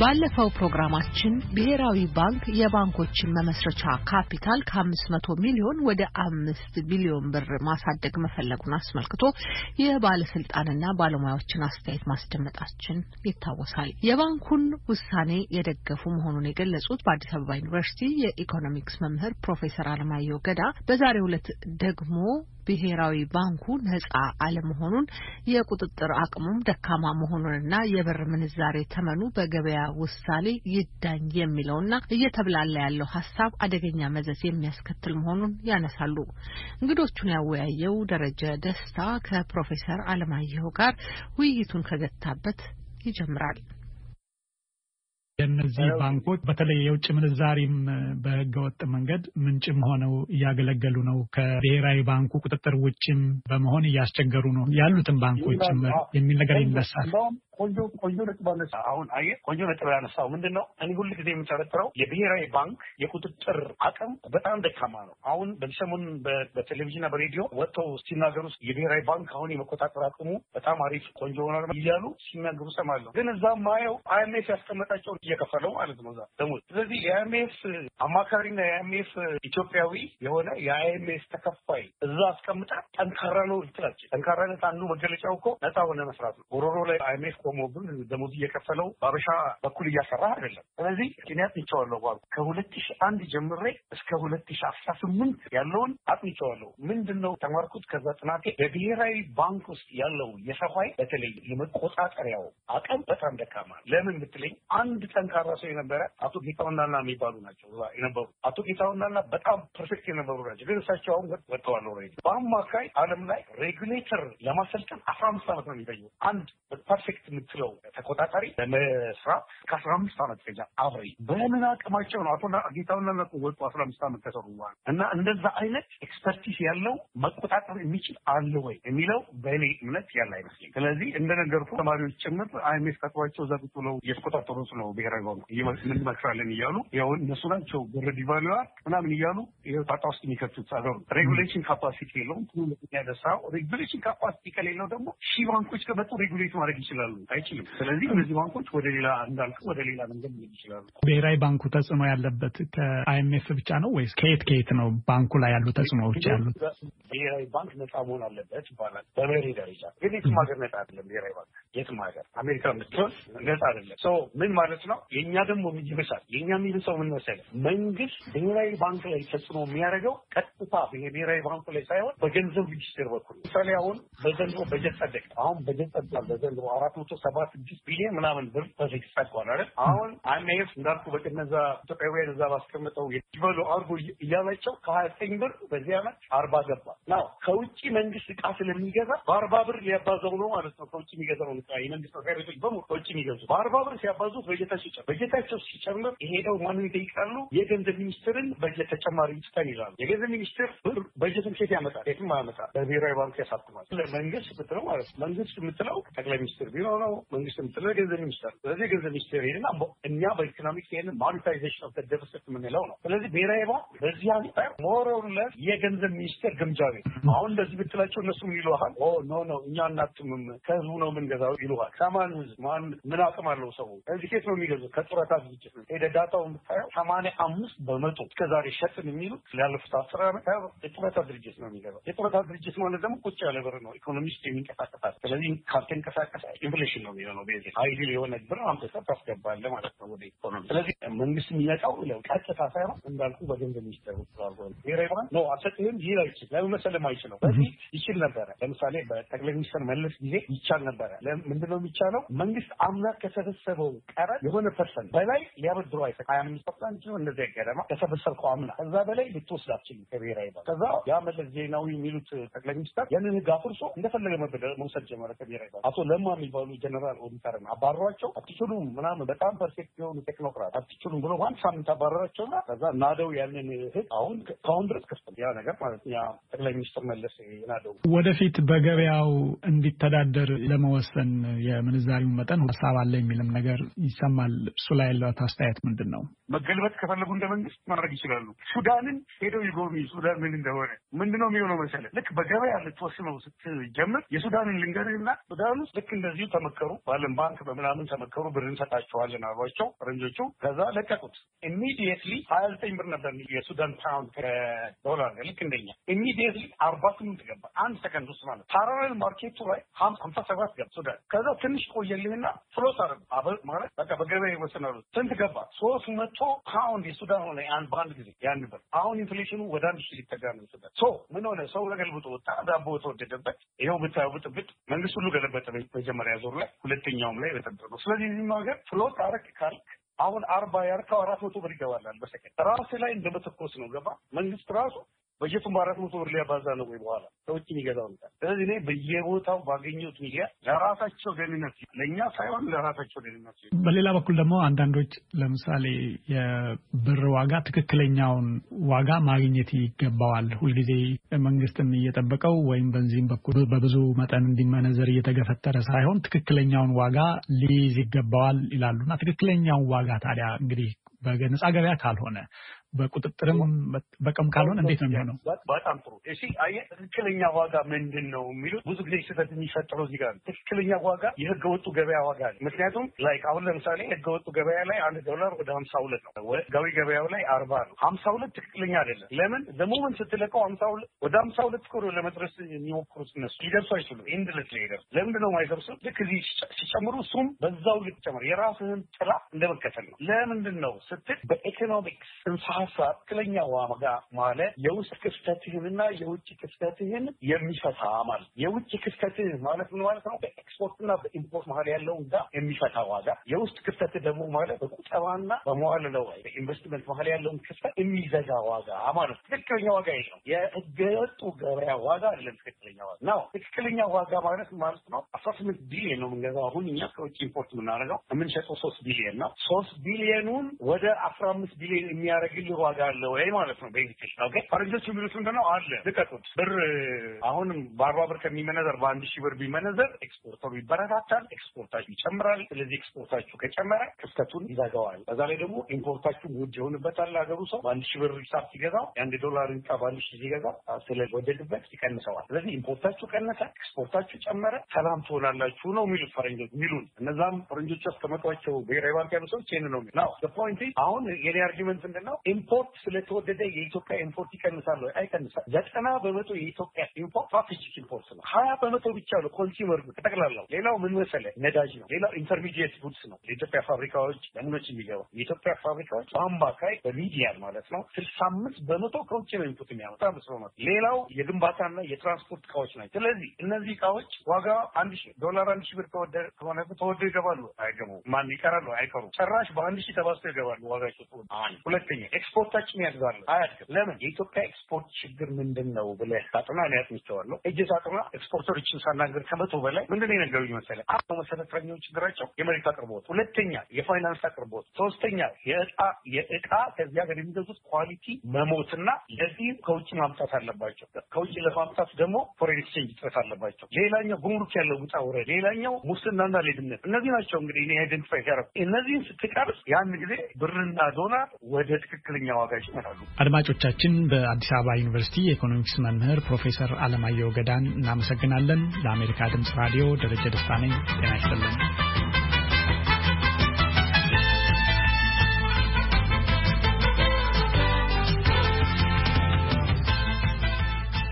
ባለፈው ፕሮግራማችን ብሔራዊ ባንክ የባንኮችን መመስረቻ ካፒታል ከ500 ሚሊዮን ወደ አምስት ቢሊዮን ብር ማሳደግ መፈለጉን አስመልክቶ የባለስልጣንና ባለሙያዎችን አስተያየት ማስደመጣችን ይታወሳል። የባንኩን ውሳኔ የደገፉ መሆኑን የገለጹት በአዲስ አበባ ዩኒቨርሲቲ የኢኮኖሚክስ መምህር ፕሮፌሰር አለማየሁ ገዳ በዛሬው ዕለት ደግሞ ብሔራዊ ባንኩ ነፃ አለመሆኑን የቁጥጥር አቅሙም ደካማ መሆኑንና የብር ምንዛሬ ተመኑ በገበያ ውሳሌ ይዳኝ የሚለውና እየተብላላ ያለው ሀሳብ አደገኛ መዘዝ የሚያስከትል መሆኑን ያነሳሉ። እንግዶቹን ያወያየው ደረጀ ደስታ ከፕሮፌሰር አለማየሁ ጋር ውይይቱን ከገታበት ይጀምራል። የእነዚህ ባንኮች በተለይ የውጭ ምንዛሪም በህገወጥ መንገድ ምንጭም ሆነው እያገለገሉ ነው። ከብሔራዊ ባንኩ ቁጥጥር ውጭም በመሆን እያስቸገሩ ነው ያሉትን ባንኮች ጭምር የሚል ነገር ይነሳል። ቆንጆ ቆንጆ ነጥብ አነሳ። አሁን አየ ቆንጆ ነጥብ ያነሳው ምንድን ነው? እኔ ሁል ጊዜ የምጠረጥረው የብሔራዊ ባንክ የቁጥጥር አቅም በጣም ደካማ ነው። አሁን በዚህ ሰሞን በቴሌቪዥንና በሬዲዮ ወጥተው ሲናገሩ የብሔራዊ ባንክ አሁን የመቆጣጠር አቅሙ በጣም አሪፍ ቆንጆ ሆኗል እያሉ ሲናገሩ ሰማለሁ። ግን እዛ ማየው አይኤምኤፍ ያስቀመጣቸውን እየከፈለው ማለት ነው እዛ ደሞዝ። ስለዚህ የአይኤምኤፍ አማካሪና የአይኤምኤፍ ኢትዮጵያዊ የሆነ የአይኤምኤፍ ተከፋይ እዛ አስቀምጣ ጠንካራ ነው ትላለች። ጠንካራነት አንዱ መገለጫው እኮ ነፃ ሆነ መስራት ነው። ጎሮሮ ላይ አይኤምኤፍ ቆሞብን ደሞዝ እየከፈለው በአበሻ በኩል እያሰራ አይደለም። ስለዚህ ምክንያት ይቸዋለሁ ባሉ ከሁለት ሺ አንድ ጀምሬ እስከ ሁለት ሺ አስራ ስምንት ያለውን አጥንቸዋለሁ። ምንድን ነው ተማርኩት? ከዛ ጥናቴ በብሔራዊ ባንክ ውስጥ ያለው የሰፋይ በተለይ የመቆጣጠሪያው አቅም በጣም ደካማ። ለምን ብትለኝ አንድ ጠንካራ ሰው የነበረ አቶ ጌታውናና የሚባሉ ናቸው የነበሩ አቶ ጌታውናና በጣም ፐርፌክት የነበሩ ናቸው። ግን እሳቸው አሁን ወጥተዋል። በአማካይ አለም ላይ ሬጉሌተር ለማሰልጠን አስራ አምስት ዓመት ነው የሚጠየው አንድ ፐርፌክት የምትለው ተቆጣጣሪ ለመስራ ከአስራ አምስት አመት ከዛ አብሬ በምን አቅማቸው ነው አቶ ጌታውና ነቁ ወጡ አስራ አምስት አመት ከሰሩ በኋላ እና እንደዛ አይነት ኤክስፐርቲስ ያለው መቆጣጠር የሚችል አለ ወይ የሚለው በእኔ እምነት ያለ አይመስለኝ። ስለዚህ እንደነገርኩ ተማሪዎች ጭምር አይምኤፍ ከጥሯቸው እዛ ነው እየተቆጣጠሩት ነው። ብሔራዊ ባንኩ እንመክራለን እያሉ ያው እነሱ ናቸው ብር ዲቫሉዋር ምናምን እያሉ ጣጣ ውስጥ የሚከቱት አገሩ ሬጉሌሽን ካፓሲቲ የለውም። ያደሳው ሬጉሌሽን ካፓሲቲ ከሌለው ደግሞ ሺ ባንኮች ከመጡ ሬጉሌት ማድረግ ይችላሉ። አይችልም። ስለዚህ እነዚህ ባንኮች ወደ ሌላ እንዳልክ ወደ ሌላ መንገድ ሊሄድ ይችላሉ። ብሔራዊ ባንኩ ተጽዕኖ ያለበት ከአይኤምኤፍ ብቻ ነው ወይስ ከየት ከየት ነው ባንኩ ላይ ያሉ ተጽዕኖዎች ያሉት? ብሔራዊ ባንክ ነጻ መሆን አለበት ይባላል በመሪ ደረጃ ግን የትም ሀገር ነጻ አይደለም ብሔራዊ ባንክ የትም ሀገር አሜሪካ ምትሆን ነጻ አይደለም። ሰው ምን ማለት ነው? የእኛ ደግሞ ይብሳል። የእኛ የሚብሰው ምን መሰለህ? መንግስት ብሔራዊ ባንክ ላይ ተጽዕኖ የሚያደርገው ቀጥታ ብሔራዊ ባንኩ ላይ ሳይሆን በገንዘብ ሚኒስቴር በኩል ምሳሌ አሁን በዘንድሮ በጀት ጸደቀ። አሁን በጀት ጸድቋል። በዘንድሮ አራት መቶ ሰባ ስድስት ቢሊዮን ምናምን ብር በፊክስ ታቋል አይደል? አሁን አይኤምኤፍ እንዳልኩ በቅድም እዛ ኢትዮጵያውያን እዛ ባስቀምጠው ይበሉ አርጎ እያመጨው ከሀያ ዘጠኝ ብር በዚህ ዓመት አርባ ገባ ነው። ከውጭ መንግስት እቃ ስለሚገዛ በአርባ ብር ሊያባዘው ነው ማለት ነው። ከውጭ የሚገዛው ነው እቃ የመንግስት መስሪያ ቤቶች በሙ ከውጭ የሚገዙ በአርባ ብር ሲያባዙ በጀታቸው ይጨምር በጀታቸው ሲጨምር ሄደው ማንን ይጠይቃሉ? የገንዘብ ሚኒስትርን በጀት ተጨማሪ ይስጠን ይላሉ። የገንዘብ ሚኒስትር ብር በጀትን ሴት ያመጣል? ሴትም አያመጣል። በብሔራዊ ባንክ ያሳትማል። መንግስት ምትለው ማለት ነው። መንግስት የምትለው ጠቅላይ ሚኒስትር ቢሮ ነው። መንግስትም የሚጥለው ገንዘብ ሚኒስተር። ስለዚህ ገንዘብ ሚኒስቴር ይሄንና እኛ በኢኮኖሚክስ ይሄንን ማኒታይዜሽን ኦፍ ደፍስት የምንለው ነው። ስለዚህ ብሔራዊ ባንክ በዚህ አንጻር ሞሮርለስ የገንዘብ ሚኒስቴር ግምጃ ቤት አሁን እንደዚህ ብትላቸው እነሱ ይሉሃል፣ ኖ ኖ እኛ እናጥምም ከህዝቡ ነው የምንገዛው ይሉሃል። ሰማን ህዝብ ማን ምን አቅም አለው ሰው እዚህ ኬት ነው የሚገዙ ከጡረታ ዝግጅት ነው ሄደ ዳታው የምታየው ሰማንያ አምስት በመቶ እስከዛሬ ሸጥን የሚሉት ላለፉት አስር ዓመት የጡረታ ድርጅት ነው የሚገዛው። የጡረታ ድርጅት ማለት ደግሞ ቁጭ ያለ ብር ነው። ኢኮኖሚስት የሚንቀሳቀሳል። ስለዚህ ካልተንቀሳቀሰ ኢንፍሌሽን ኢንፍሌሽን ነው የሚሆነው። ቤዚ ሀይል የሆነ ብር አምጥተህ ታስገባለህ ማለት ነው ወደ ኢኮኖሚ። ስለዚህ መንግስት የሚመጣው ቀጥታ ሳይሆን እንዳልኩ በገንዘብ ሚኒስተር ተባርጓል። ብሔራዊ ባንክ ነው አልሰጥህም ይል አይችል ለምን መሰለም አይችለው። በዚህ ይችል ነበረ። ለምሳሌ በጠቅላይ ሚኒስትር መለስ ጊዜ ይቻል ነበረ። ምንድነው የሚቻለው? መንግስት አምና ከሰበሰበው ቀረጥ የሆነ ፐርሰንት በላይ ሊያበድሮ አይሰ ሀያ አምስት ፐርሰንት ነው እንደዚያ ገደማ ከሰበሰብከው አምና ከዛ በላይ ልትወስዳችል ከብሔራዊ ባንክ። ከዛ ያ መለስ ዜናዊ የሚሉት ጠቅላይ ሚኒስትር ያንን ህግ አፍርሶ እንደፈለገ መበደር መውሰድ ጀመረ ከብሔራዊ ባንክ። አቶ ለማ የሚባሉ ጀነራል ኦዲተርን አባረሯቸው። አትችሉም ምናምን በጣም ፐርፌክት የሆኑ ቴክኖክራት አትችሉም ብሎ ዋን ሳምንት አባረሯቸውና ከዛ ናደው ያንን ህግ አሁን ከአሁን ድረስ ክፍት ያ ነገር ማለት ያ ጠቅላይ ሚኒስትር መለስ ናደው ወደፊት በገበያው እንዲተዳደር ለመወሰን የምንዛሪውን መጠን ሀሳብ አለ የሚልም ነገር ይሰማል። እሱ ላይ ያለት አስተያየት ምንድን ነው? መገልበጥ ከፈለጉ እንደ መንግስት ማድረግ ይችላሉ። ሱዳንን ሄደው ይጎብኙ። ሱዳን ምን እንደሆነ ምንድን ነው የሚሆነው መሰለ ልክ በገበያ ልትወስነው ስትጀምር የሱዳንን ልንገርህና ሱዳን ውስጥ ልክ እንደዚሁ ተመ ተመከሩ፣ በዓለም ባንክ በምናምን ተመከሩ፣ ብር እንሰጣቸዋለን አሏቸው ፈረንጆቹ። ከዛ ለቀቁት። ኢሚዲየትሊ ሀያ ዘጠኝ ብር ነበር የሱዳን ፓውንድ ከዶላር ልክ እንደኛ። ኢሚዲየትሊ አርባ ስምንት ገባ፣ አንድ ሰከንድ ውስጥ ማለት ፓራሌል ማርኬቱ ላይ ሀምሳ ሰባት ገባ ሱዳን። ከዛ ትንሽ ቆየልህና ፍሎት አረ ማለት በቃ በገበያ ይወስናሉ። ስንት ገባ? ሶስት መቶ ፓውንድ የሱዳን ሆነ አንድ በአንድ ጊዜ ያን ብር። አሁን ኢንፍሌሽኑ ወደ አንድ ሺ ሊጠጋ ነው ሱዳን። ሶ ምን ሆነ? ሰው ለገልብጦ ወጣ፣ ዳቦ ተወደደበት። ይኸው ብታየው ብጥብጥ መንግስት ሁሉ ገለበጠ መጀመሪያ ዞር ላይ ሁለተኛውም ላይ በጠበቅ ነው። ስለዚህ እዚህም ሀገር ፍሎት አረክ ካልክ አሁን አርባ ያርከው አራት መቶ ብር ይገባላል በሰከንድ ራስ ላይ እንደመተኮስ ነው ገባ መንግስት ራሱ በጀቱን በአራት መቶ ብር ሊያባዛ ነው ወይ በኋላ ሰዎች የሚገዛው ነ ስለዚህ እኔ በየቦታው ባገኘሁት ሚዲያ ለራሳቸው ደህንነት ለእኛ ሳይሆን ለራሳቸው ደህንነት። በሌላ በኩል ደግሞ አንዳንዶች ለምሳሌ የብር ዋጋ ትክክለኛውን ዋጋ ማግኘት ይገባዋል፣ ሁልጊዜ መንግስትም እየጠበቀው ወይም በዚህም በኩል በብዙ መጠን እንዲመነዘር እየተገፈጠረ ሳይሆን ትክክለኛውን ዋጋ ሊይዝ ይገባዋል ይላሉ እና ትክክለኛውን ዋጋ ታዲያ እንግዲህ በነጻ ገበያ ካልሆነ በቁጥጥርም በቀም ካልሆን እንዴት ነው የሚሆነው? በጣም ጥሩ። እሺ አየህ፣ ትክክለኛ ዋጋ ምንድን ነው የሚሉት ብዙ ጊዜ ስህተት የሚፈጠረው እዚህ ጋር። ትክክለኛ ዋጋ የህገ ወጡ ገበያ ዋጋ ነው። ምክንያቱም ላይክ አሁን ለምሳሌ ህገ ወጡ ገበያ ላይ አንድ ዶላር ወደ ሀምሳ ሁለት ነው፣ ህጋዊ ገበያው ላይ አርባ ነው። ሀምሳ ሁለት ትክክለኛ አይደለም። ለምን ዘሞመን ስትለቀው ሀምሳ ሁለት ወደ ሀምሳ ሁለት ኮሮ ለመድረስ የሚሞክሩት እነሱ ሊደርሱ አይችሉም። ኢንድለስ ላይደርሱ ለምንድን ነው ማይደርሱ? ልክ እዚህ ሲጨምሩ እሱም በዛው ልክ ጨምር፣ የራስህን ጥላ እንደመከተል ነው። ለምንድን ነው ስትል በኢኮኖሚክስ ሀሳብ ትክክለኛው ዋጋ ማለት የውስጥ ክፍተትህንና የውጭ ክፍተትህን የሚፈታ ማለት። የውጭ ክፍተትህ ማለት ምን ማለት ነው? በኤክስፖርትና በኢምፖርት መሀል ያለውን ጋር የሚፈታ ዋጋ። የውስጥ ክፍተት ደግሞ ማለት በቁጠባና በመዋለ ንዋይ በኢንቨስትመንት መሀል ያለውን ክፍተት የሚዘጋ ዋጋ ማለት። ትክክለኛ ዋጋ ይሄ ነው። የህገወጡ ገበያ ዋጋ አይደለም ትክክለኛ ዋጋ ነው። ትክክለኛ ዋጋ ማለት ማለት ነው አስራ ስምንት ቢሊዮን ነው የምንገዛው። አሁን እኛ ከውጭ ኢምፖርት የምናደርገው የምንሸጠው ሶስት ቢሊዮን ነው። ሶስት ቢሊዮኑን ወደ አስራ አምስት ቢሊዮን የሚያደርግል የሚቀይር ዋጋ አለ ወይ ማለት ነው። ቤዚክስ ኦኬ። ፈረንጆች የሚሉት ምንድን ነው አለ ልቀጡት። ብር አሁንም በአርባ ብር ከሚመነዘር በአንድ ሺህ ብር ቢመነዘር ኤክስፖርተሩ ይበረታታል፣ ኤክስፖርታችሁ ይጨምራል። ስለዚህ ኤክስፖርታችሁ ከጨመረ ክፍተቱን ይዘጋዋል። በዛ ላይ ደግሞ ኢምፖርታችሁ ውድ የሆንበታል። ሀገሩ ሰው በአንድ ሺህ ብር ሂሳብ ሲገዛ የአንድ ዶላር ዕቃ በአንድ ሺህ ሲገዛ ስለወደድበት ይቀንሰዋል። ስለዚህ ኢምፖርታችሁ ቀነሰ፣ ኤክስፖርታችሁ ጨመረ፣ ሰላም ትሆናላችሁ ነው የሚሉት ፈረንጆች የሚሉን እነዛም ፈረንጆች ያስቀመጧቸው ብሔራዊ ባንክ ያሉ ሰዎች ይህን ነው የሚሉት። አሁን የኔ አርጊመንት ምንድን ነው ኢምፖርት ስለተወደደ የኢትዮጵያ ኢምፖርት ይቀንሳል ወይ? አይቀንሳል። ዘጠና በመቶ የኢትዮጵያ ኢምፖርት ፓኬጅ ኢምፖርት ነው። ሀያ በመቶ ብቻ ነው ኮንሱመር ጉድ ጠቅላላው። ሌላው ምን መሰለ ነዳጅ ነው። ሌላው ኢንተርሚዲየት ጉድስ ነው። የኢትዮጵያ ፋብሪካዎች ለምኖች የሚገባ የኢትዮጵያ ፋብሪካዎች በአምባካይ በሚዲያል ማለት ነው ስልሳ አምስት በመቶ ከውጭ ነው ኢምፖርት የሚያመጣ ምስሎ ነው። ሌላው የግንባታና የትራንስፖርት እቃዎች ናቸው። ስለዚህ እነዚህ እቃዎች ዋጋ አንድ ሺ ዶላር አንድ ሺ ብር ከወደ ከሆነ ተወደው ይገባሉ አይገቡ ማን ይቀራሉ? አይቀሩም። ጭራሽ በአንድ ሺ ተባስቶ ይገባሉ ዋጋቸው። ሁለተኛ ኤክስፖርታችን ያድጋሉ አያድግም። ለምን የኢትዮጵያ ኤክስፖርት ችግር ምንድን ነው ብለህ ሳጥና ነው ያጥንቸዋለሁ እጅ ሳጥና ኤክስፖርተሮችን ሳናገር ከመቶ በላይ ምንድን ነው የነገሩኝ መሰለህ መሰረት መሰረተኛው ችግራቸው የመሬት አቅርቦት፣ ሁለተኛ የፋይናንስ አቅርቦት፣ ሶስተኛ የእቃ የእቃ ከዚህ ሀገር የሚገዙት ኳሊቲ መሞትና ለዚህ ከውጭ ማምጣት አለባቸው። ከውጭ ለማምጣት ደግሞ ፎሬን ኤክስቼንጅ እጥረት አለባቸው። ሌላኛው ጉምሩክ ያለው ውጣ ውረድ፣ ሌላኛው ሙስናና ሌድነት። እነዚህ ናቸው እንግዲህ አይደንቲፋይ ሲያረ እነዚህን ስትቀርስ ያን ጊዜ ብርና ዶላር ወደ ትክክል በከፍተኛ ዋጋ ይጨምራሉ። አድማጮቻችን፣ በአዲስ አበባ ዩኒቨርሲቲ የኢኮኖሚክስ መምህር ፕሮፌሰር አለማየሁ ገዳን እናመሰግናለን። ለአሜሪካ ድምጽ ራዲዮ ደረጀ ደስታ ነኝ። ጤና ይስጥልን።